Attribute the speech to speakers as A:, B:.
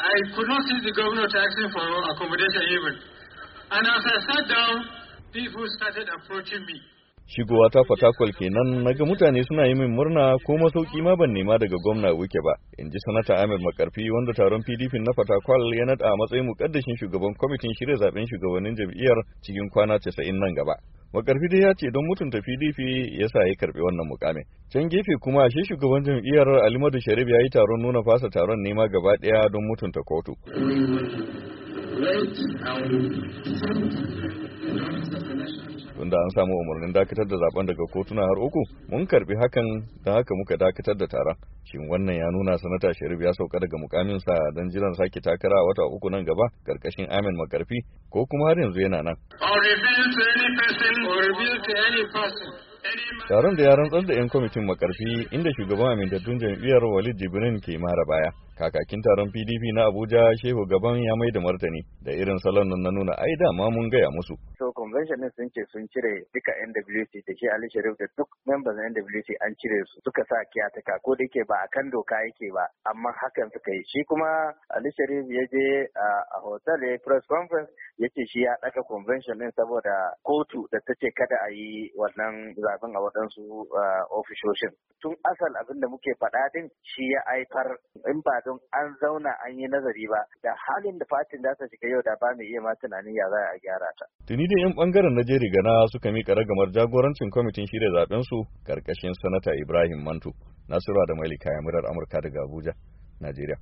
A: I could not see the governor asking for accommodation even. And as I sat down, people started approaching me.
B: Shigowa ta fatakwal kenan na ga mutane suna yi min murna ko masauki ma ban nema daga gwamna wuke ba, in ji sanata Amir Makarfi wanda taron PDP na fatakwal ya naɗa a matsayin mukaddashin shugaban kwamitin shirya zaben shugabannin jam'iyyar cikin kwana 90 nan gaba. makarfi dai ya ce don mutunta pdp ya sa ya karbi wannan mukamin can gefe kuma shi shugaban jam'iyyar alimadu sharif ya yi taron nuna fasa taron nema gaba daya don mutunta kotu da an samu umarnin dakatar da zaben daga kotuna har uku mun karbi hakan da haka muka dakatar da taron shin wannan ya nuna sanata sharif ya sauka daga mukamin sa don jiran sake takara a wata uku nan gaba karkashin amin makarfi ko kuma har yanzu yana nan taron da ya rantsar da 'yan kwamitin makarfi inda shugaban amintattun jam'iyyar walid jibrin ke mara baya kakakin taron pdp na abuja shehu gaban ya mai da martani da irin salon nan na nuna ai dama mun gaya musu
A: convention sun ce sun cire duka NWC da shi Ali Sharif da duk members na NWC an cire su suka sa kiyataka ko da yake ba a kan doka yake ba amma hakan suka yi shi kuma Ali Sharif ya je a hotel ya press conference ya ce shi ya ɗaga convention din saboda kotu da ta ce kada a yi wannan zaben a waɗansu ofishoshin tun asal abin da muke faɗa din shi ya aifar in ba don an zauna an yi nazari ba da halin da fatin da ta shiga yau da ba mu iya ma tunanin ya za a gyara ta.
B: Tuni da 'yan bangaren na jeri gana suka mika ragamar jagorancin kwamitin shirya zaben su karkashin sanata Ibrahim Mantu. Nasiru da Malika ya murar Amurka daga Abuja, Najeriya.